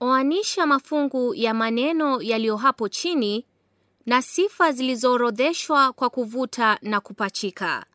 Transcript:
Oanisha mafungu ya maneno yaliyo hapo chini na sifa zilizoorodheshwa kwa kuvuta na kupachika.